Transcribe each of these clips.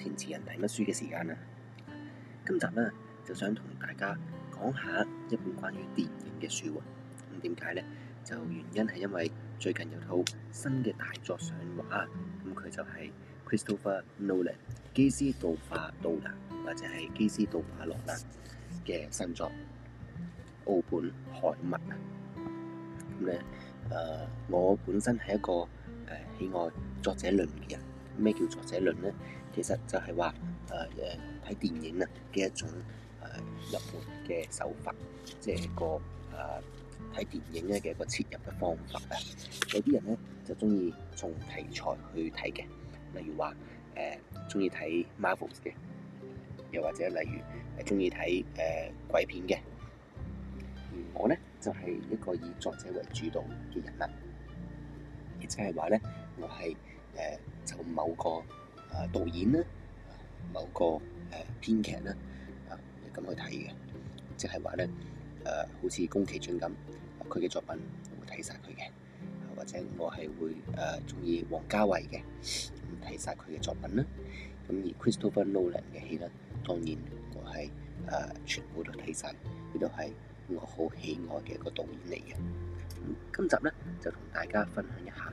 填詞人睇乜書嘅時間啊？今集咧就想同大家講下一本關於電影嘅書啊，咁點解咧？就原因係因為最近有套新嘅大作上畫，咁佢就係 Christopher Nolan 基斯道法道蘭或者係基斯道法洛蘭嘅新作《奧本海默》。啊，咁咧，誒，我本身係一個誒、呃、喜愛作者論嘅人。咩叫作者論咧？其實就係話誒誒睇電影啊嘅一種誒入門嘅手法，即係個誒睇、呃、電影咧嘅一個切入嘅方法啊！有啲人咧就中意從題材去睇嘅，例如話誒中、呃、意睇 Marvel 嘅，又或者例如誒中意睇誒鬼片嘅。而我咧就係、是、一個以作者為主導嘅人啦，亦即係話咧我係。誒就某個啊導演咧，某個誒編劇咧啊咁去睇嘅，即係話咧誒好似宮崎駿咁，佢嘅作品我會睇曬佢嘅，或者我係會誒中意王家衞嘅，睇曬佢嘅作品啦。咁而 Christopher Nolan 嘅戲咧，當然我係誒全部都睇曬，呢度係我好喜愛嘅一個導演嚟嘅。咁今集咧就同大家分享一下。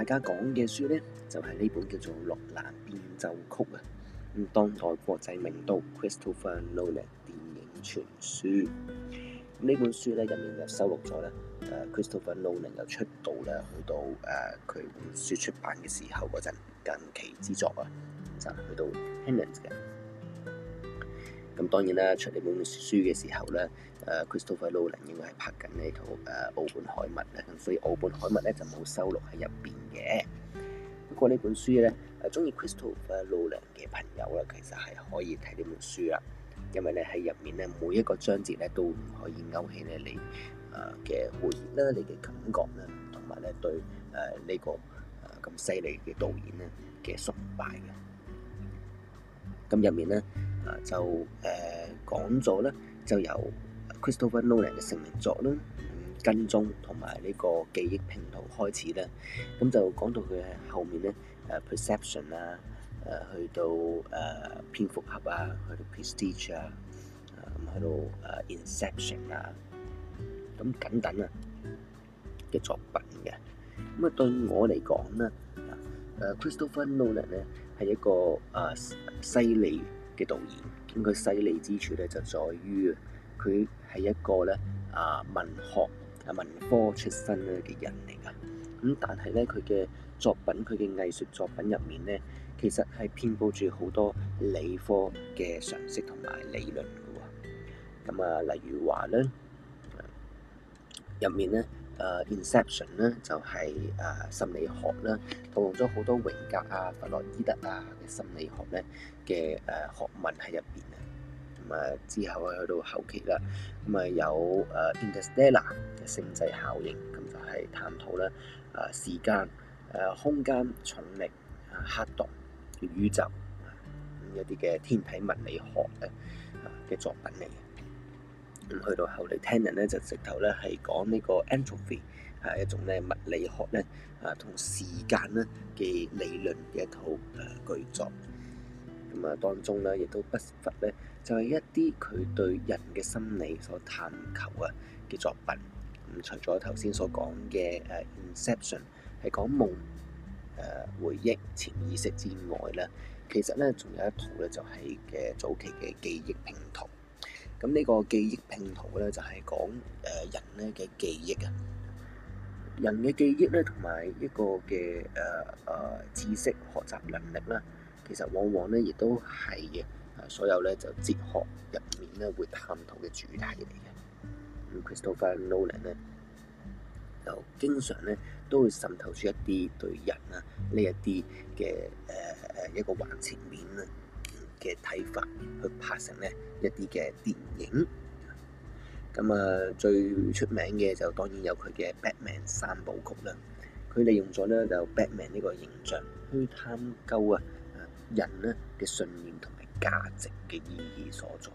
大家講嘅書咧，就係、是、呢本叫做《諾蘭變奏曲》啊。咁當代國際名導 Christopher Nolan 電影全書。呢本書咧入面就收錄咗咧，誒 Christopher Nolan 由出道咧去到誒佢本書出版嘅時候嗰陣近期之作啊，就去到《Henderson》嘅。咁當然啦，出呢本書嘅時候咧，誒、uh, Christopher Nolan 應該係拍緊呢套誒《澳門海物奧本海默》咧，咁所以《奧本海默》咧就冇收錄喺入邊嘅。不過呢本書咧，誒鍾意 Christopher Nolan 嘅朋友咧，其實係可以睇呢本書啦，因為咧喺入面咧每一個章節咧都唔可以勾起咧你誒嘅回憶啦、你嘅感覺啦，同埋咧對誒呢個咁犀利嘅導演咧嘅崇拜嘅。咁入面咧～啊，就誒講咗咧，就由 Christopher Nolan 嘅成名作咧，跟蹤同埋呢個記憶拼圖開始咧，咁就講到佢後面咧，誒 Perception 啊，誒去到誒蝙蝠俠啊，去到 Prestige 啊，啊，咁喺度誒 Inception 啊，咁等等啊嘅作品嘅，咁啊對我嚟講咧，誒 Christopher Nolan 咧係一個誒犀利嘅導演，咁佢犀利之處咧就在於佢係一個咧啊文學啊文科出身嘅人嚟噶，咁但係咧佢嘅作品，佢嘅藝術作品入面咧，其實係遍佈住好多理科嘅常識同埋理論嘅喎，咁啊，例如話咧入面咧。誒《Inception》咧就係誒心理學啦，套用咗好多榮格啊、弗洛伊德啊嘅心理學咧嘅誒學問喺入邊啊。咁啊之後啊去到後期啦，咁啊有誒 Inter《Interstellar》嘅星際效應，咁就係、是、探討咧誒時間、誒空間、重力、黑洞、宇宙，咁一啲嘅天體物理學嘅嘅作品嚟嘅。咁去到後嚟，Tenet 咧就直頭咧係講呢個 entropy 係一種咧物理學咧啊同時間咧嘅理論嘅一套誒巨作。咁啊當中咧亦都不乏咧就係一啲佢對人嘅心理所探求啊嘅作品。咁除咗頭先所講嘅誒 Inception 係講夢誒回憶、潛意識之外咧，其實咧仲有一套咧就係嘅早期嘅記憶拼圖。咁呢個記憶拼圖咧，就係、是、講誒人咧嘅記憶啊，人嘅記憶咧，同埋一個嘅誒誒知識學習能力啦，其實往往咧亦都係啊所有咧就哲學入面咧會探討嘅主題嚟嘅。咁 Christopher Nolan 咧就經常咧都會滲透出一啲對人啊呢一啲嘅誒誒一個橫切面啊，嘅睇法去拍成呢一啲嘅電影，咁、嗯、啊最出名嘅就當然有佢嘅《Batman 三部曲》啦。佢利用咗呢就 Batman 呢、呢個形象去探究啊人呢嘅信念同埋價值嘅意義所在。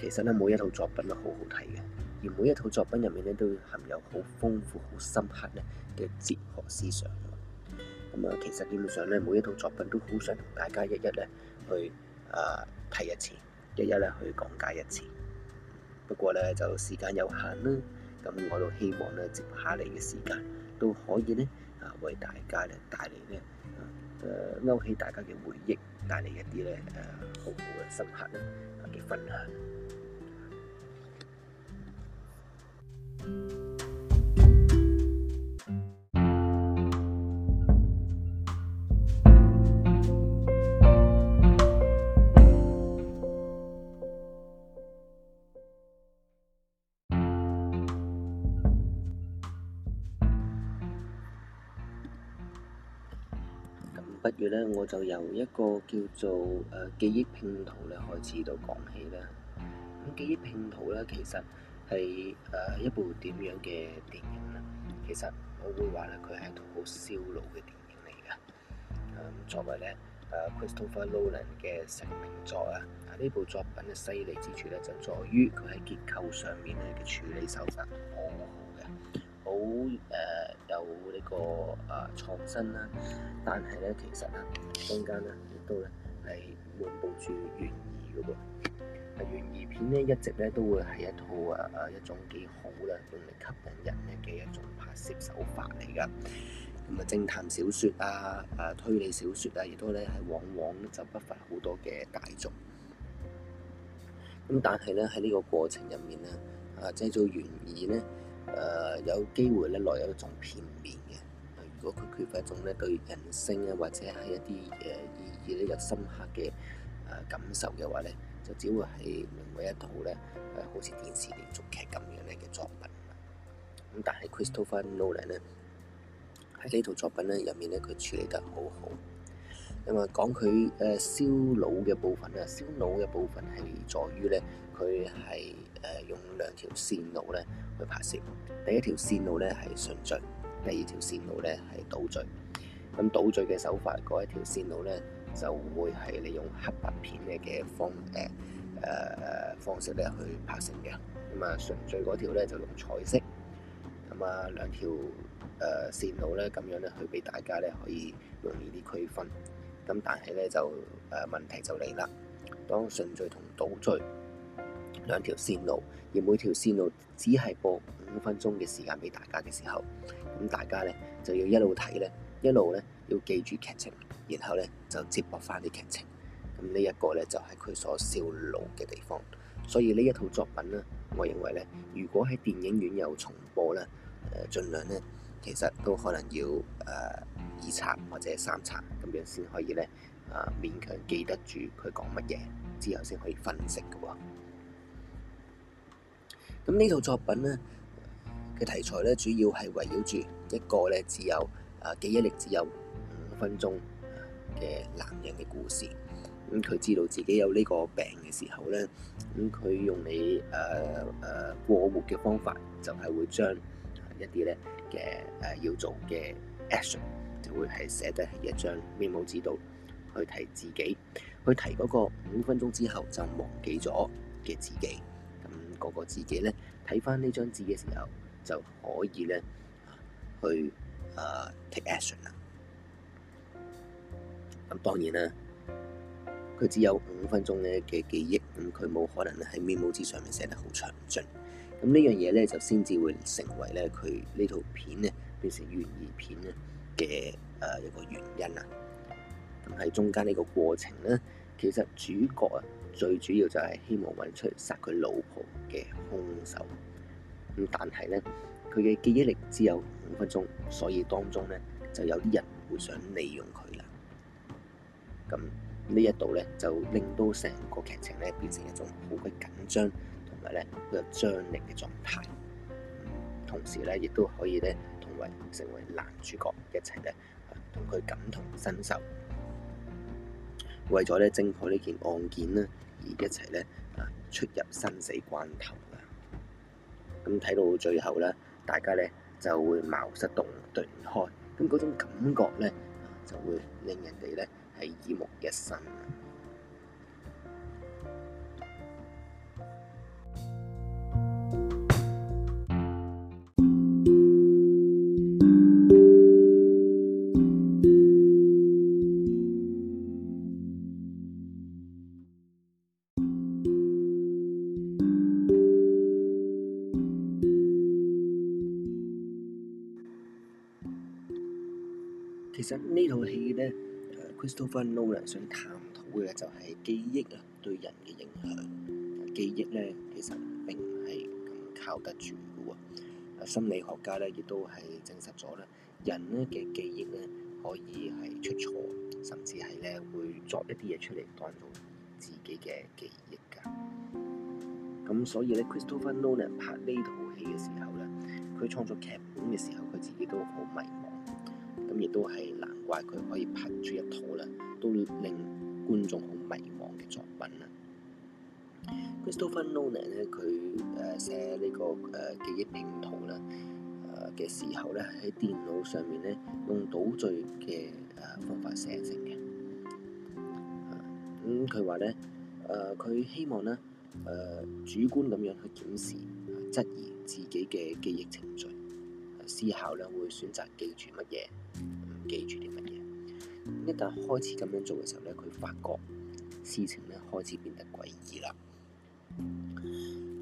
其實呢，每一套作品都好好睇嘅，而每一套作品入面呢，都含有好豐富、好深刻呢嘅哲學思想。咁、嗯、啊，其實基本上呢，每一套作品都好想同大家一一呢。去啊睇一次，一一咧去講解一次。不過咧就時間有限啦，咁我都希望咧接下嚟嘅時間都可以咧啊為大家咧帶嚟呢誒、呃、勾起大家嘅回憶，帶嚟一啲咧誒好嘅深刻嘅嘅、啊、分享、啊。不如咧，我就由一個叫做誒、呃、記憶拼圖咧開始到講起啦。咁記憶拼圖咧，其實係誒、呃、一部點樣嘅電影咧？其實我會話咧，佢係一套好燒腦嘅電影嚟嘅、嗯。作為咧誒、呃、Christopher Nolan 嘅成名作啊，啊呢部作品嘅犀利之處咧，就在於佢喺結構上面咧嘅處理手法。哦好誒、呃、有呢、呢個啊創新啦，但係咧其實咧中間咧亦都咧係滿布住懸疑嘅噃。啊懸疑片咧一直咧都會係一套啊啊一種幾好啦，用嚟吸引人嘅嘅一種拍攝手法嚟噶。咁啊，偵探小説啊啊推理小説啊，亦都咧係往往就不乏好多嘅大作。咁、啊、但係咧喺呢個過程入面咧啊製造懸疑咧～誒、呃、有機會咧有一種片面嘅，如果佢缺乏一種咧對人性啊，或者係一啲誒意義咧有深刻嘅誒感受嘅話咧，就只會係另外一套咧誒好似電視連續劇咁樣咧嘅作品。咁但係 Crystal Fountain 咧喺呢套作品咧入面咧，佢處理得好好。咁啊，講佢誒燒腦嘅部分咧，燒腦嘅部分係在於咧，佢係。誒，用兩條線路咧去拍攝，第一條線路咧係順序，第二條線路咧係倒序。咁倒序嘅手法，嗰一條線路咧就會係利用黑白片嘅嘅方誒誒誒方式咧、呃呃、去拍攝嘅。咁、嗯、啊，順序嗰條咧就用彩色。咁啊，兩條誒線路咧咁樣咧，去俾大家咧可以容易啲區分。咁但係咧就誒、呃、問題就嚟啦，當順序同倒序兩條線路，而每條線路只係播五分鐘嘅時間俾大家嘅時候，咁大家呢就要一路睇咧，一路呢要記住劇情，然後呢就接駁翻啲劇情。咁呢一個呢就係、是、佢所燒腦嘅地方。所以呢一套作品呢，我認為呢，如果喺電影院有重播呢，誒、呃，儘量呢其實都可能要誒、呃、二刷或者三刷，咁樣先可以呢、呃，勉強記得住佢講乜嘢，之後先可以分析嘅喎。咁呢套作品咧嘅題材咧，主要係圍繞住一個咧，只有啊記憶力只有五分鐘嘅男人嘅故事。咁、嗯、佢知道自己有呢個病嘅時候咧，咁、嗯、佢用你誒誒、呃呃、過活嘅方法就，就係會將一啲咧嘅誒要做嘅 action 就會係寫得係一張 Memo 紙度去提自己，去提嗰個五分鐘之後就忘記咗嘅自己。個個自己咧睇翻，呢張紙嘅時候，就可以咧去誒、uh, take action 啦。咁當然啦，佢只有五分鐘咧嘅記憶，咁佢冇可能喺 memo 紙上面寫得好詳盡。咁呢樣嘢咧就先至會成為咧佢呢套片咧變成懸疑片咧嘅誒一個原因啦。咁喺中間呢個過程咧，其實主角啊。最主要就係希望揾出殺佢老婆嘅兇手，咁但係呢，佢嘅記憶力只有五分鐘，所以當中呢，就有啲人會想利用佢啦。咁、嗯、呢一度呢，就令到成個劇情呢，變成一種好嘅緊張同埋呢，好有張力嘅狀態，同時呢，亦都可以呢，同為成為男主角一齊呢，同佢感同身受。為咗咧偵破呢件案件呢，而一齊咧啊出入生死關頭啊！咁睇到最後咧，大家咧就會茅塞洞頓唔開，咁嗰種感覺咧就會令人哋咧係耳目一新。呢套戲咧，Christopher Nolan 想探討嘅就係記憶啊對人嘅影響。記憶咧其實並唔係咁靠得住嘅喎。心理學家咧亦都係證實咗咧，人咧嘅記憶咧可以係出錯，甚至係咧會作一啲嘢出嚟當做自己嘅記憶㗎。咁所以咧，Christopher Nolan 拍呢套戲嘅時候咧，佢創作劇本嘅時候，佢自己都好迷茫，咁亦都係難。話佢可以拍出一套啦，都令觀眾好迷惘嘅作品啦。咁 Christopher Nolan 咧、這個，佢誒寫呢個誒記憶拼圖啦嘅、呃、時候咧，喺電腦上面咧用倒序嘅誒方法寫成嘅。咁佢話咧，誒佢、呃、希望咧，誒、呃、主觀咁樣去檢視質疑自己嘅記憶程序，思考咧會選擇記住乜嘢？記住啲乜嘢？一旦開始咁樣做嘅時候咧，佢發覺事情咧開始變得詭異啦，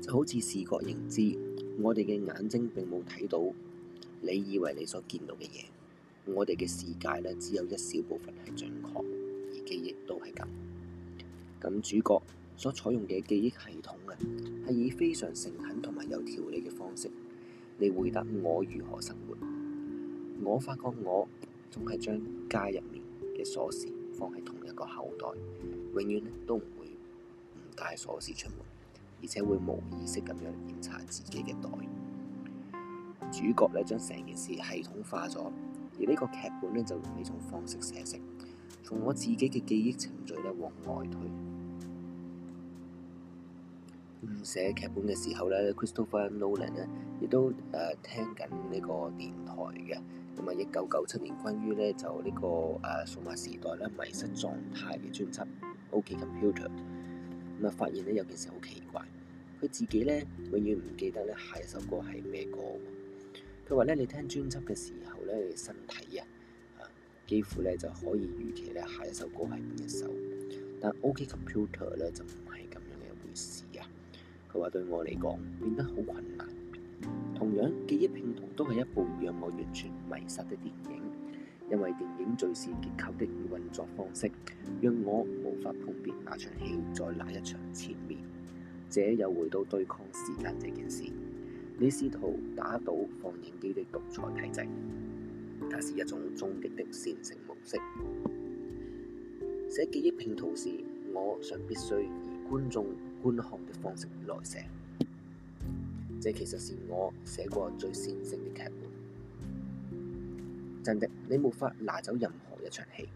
就好似視覺認知，我哋嘅眼睛並冇睇到你以為你所見到嘅嘢，我哋嘅世界咧只有一小部分係準確，而記憶都係咁。咁主角所採用嘅記憶系統啊，係以非常誠懇同埋有條理嘅方式嚟回答我如何生活。我發覺我。總係將家入面嘅鎖匙放喺同一個口袋，永遠都唔會唔帶鎖匙出門，而且會無意識咁樣檢查自己嘅袋。主角咧將成件事系統化咗，而呢個劇本咧就用呢種方式寫成，從我自己嘅記憶程序咧往外推。唔寫劇本嘅時候咧，Christopher Nolan 咧亦都誒聽緊呢個電台嘅，咁啊一九九七年關於咧就呢個誒數碼時代咧迷失狀態嘅專輯《OK Computer》，咁啊發現咧有件事好奇怪，佢自己咧永遠唔記得咧下一首歌係咩歌，佢話咧你聽專輯嘅時候咧你身體啊，啊幾乎咧就可以預期咧下一首歌係邊一首，但《OK Computer》咧就。佢話對我嚟講變得好困難。同樣，記憶拼圖都係一部讓我完全迷失的電影，因為電影敘事結構的運作方式，讓我無法判別哪場戲在哪一場前面。這又回到對抗時間這件事。你試圖打倒放映機的獨裁體制，但是一種終極的線性模式。寫記憶拼圖時，我常必須以觀眾觀看的方式來寫，這其實是我寫過最線性的劇本。真的，你沒法拿走任何一場戲。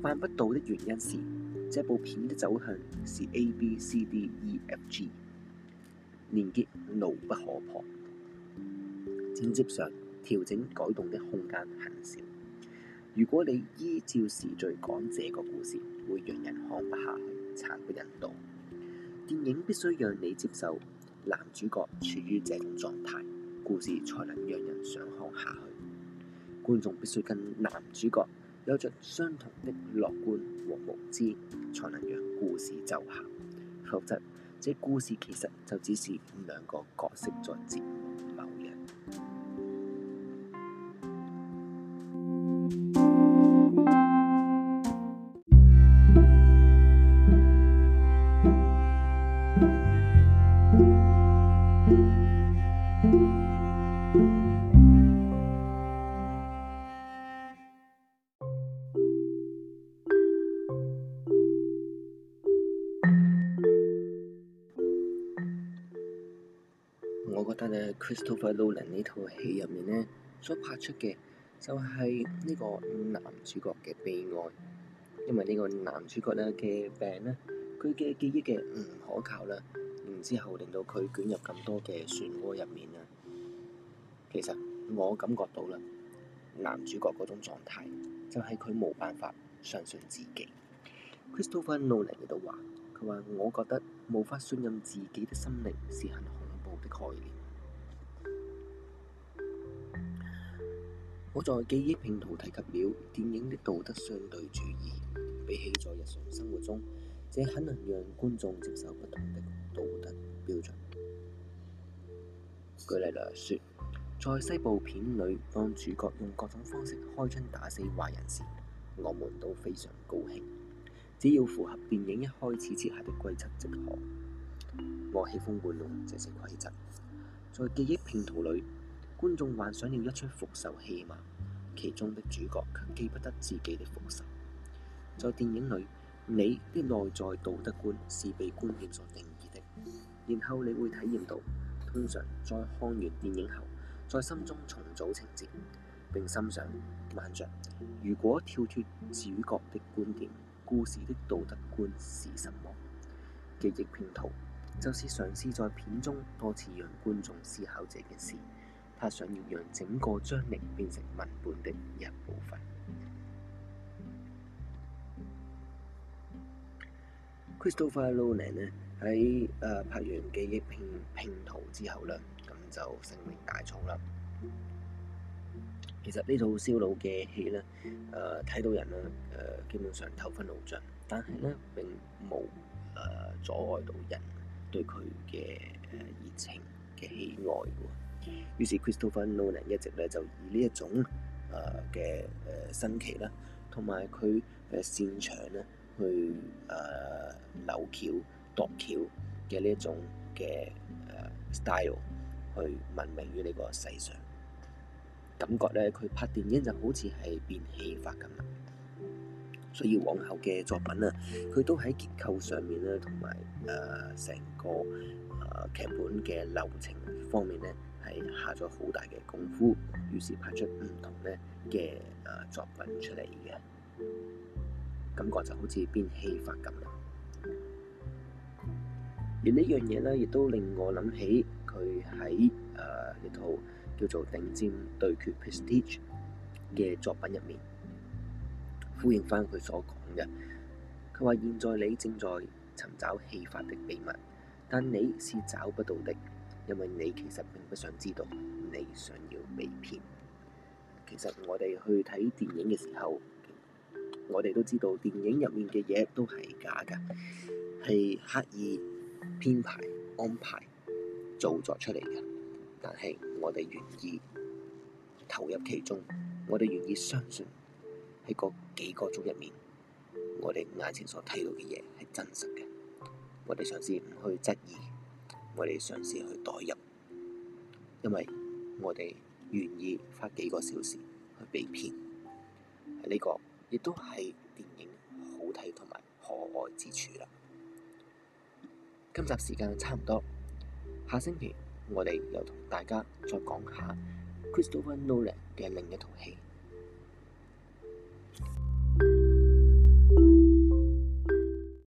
辦不到的原因是，這部片的走向是 A、B、C、D、E、F、G，連結牢不可破。剪接上調整改動的空間很少。如果你依照時序講這個故事，會讓人看不下去，慘不忍睹。電影必須讓你接受男主角處於這種狀態，故事才能讓人想看下去。觀眾必須跟男主角有着相同的樂觀和無知，才能讓故事奏效。否則，這故事其實就只是兩個角色在接。我覺得呢，Christopher Nolan 呢套戲入面呢，所拍出嘅就係呢個男主角嘅悲哀，因為呢個男主角呢嘅病呢，佢嘅記憶嘅唔可靠啦。之後令到佢捲入更多嘅漩渦入面啊！其實我感覺到啦，男主角嗰種狀態就係佢冇辦法相信自己。Christopher Nolan 喺度話，佢話我覺得無法信任自己的心靈是很恐怖的概念。我在記憶拼圖提及了電影的道德相對主義，比起在日常生活中，這很能讓觀眾接受不同的道德標準。舉例來說，在西部片裏，當主角用各種方式開槍打死壞人時，我們都非常高興。只要符合電影一開始設下的規則即可。我喜歡運用這些規則。在記憶拼圖裏，觀眾幻想了一出復仇戲碼，其中的主角卻記不得自己的復仇。在電影裏，你的內在道德觀是被觀念所定。然後你會體驗到，通常在看完電影後，在心中重組情節，並心想慢着，如果跳脱主角的觀點，故事的道德觀是什麼？記憶拼圖就是嘗試在片中多次讓觀眾思考這件事。他想要讓整個張力變成文本的一部分。Christopher Nolan。喺誒、呃、拍完記憶拼拼圖之後啦，咁就聲名大噪啦。其實呢套燒腦嘅戲咧，誒、呃、睇到人咧，誒、呃、基本上頭昏腦脹，但係咧並冇誒、呃、阻礙到人對佢嘅誒熱情嘅喜愛嘅。於是 Christopher Nolan 一直咧就以呢一種誒嘅誒新奇啦，同埋佢嘅擅長咧去誒扭、呃、橋，度橋嘅呢一種嘅誒 style 去聞名於呢個世上，感覺咧佢拍電影就好似係變戲法咁啊！所以往後嘅作品啊，佢都喺結構上面咧，同埋誒成個誒劇本嘅流程方面咧，係下咗好大嘅功夫，於是拍出唔同咧嘅誒作品出嚟嘅，感覺就好似變戲法咁啊！而呢樣嘢咧，亦都令我諗起佢喺誒一套叫做《頂尖對決》（Prestige） 嘅作品入面，呼應返佢所講嘅。佢話：現在你正在尋找戲法的秘密，但你是找不到的，因為你其實並不想知道，你想要被騙。其實我哋去睇電影嘅時候，我哋都知道電影入面嘅嘢都係假㗎，係刻意，編排、安排、造作出嚟嘅，但係我哋願意投入其中，我哋願意相信喺嗰幾個鐘入面，我哋眼前所睇到嘅嘢係真實嘅。我哋嘗試唔去質疑，我哋嘗試去代入，因為我哋願意花幾個小時去被騙。呢、這個亦都係電影好睇同埋可愛之處啦。今集時間差唔多，下星期我哋又同大家再講下 Christopher Nolan 嘅另一套戲。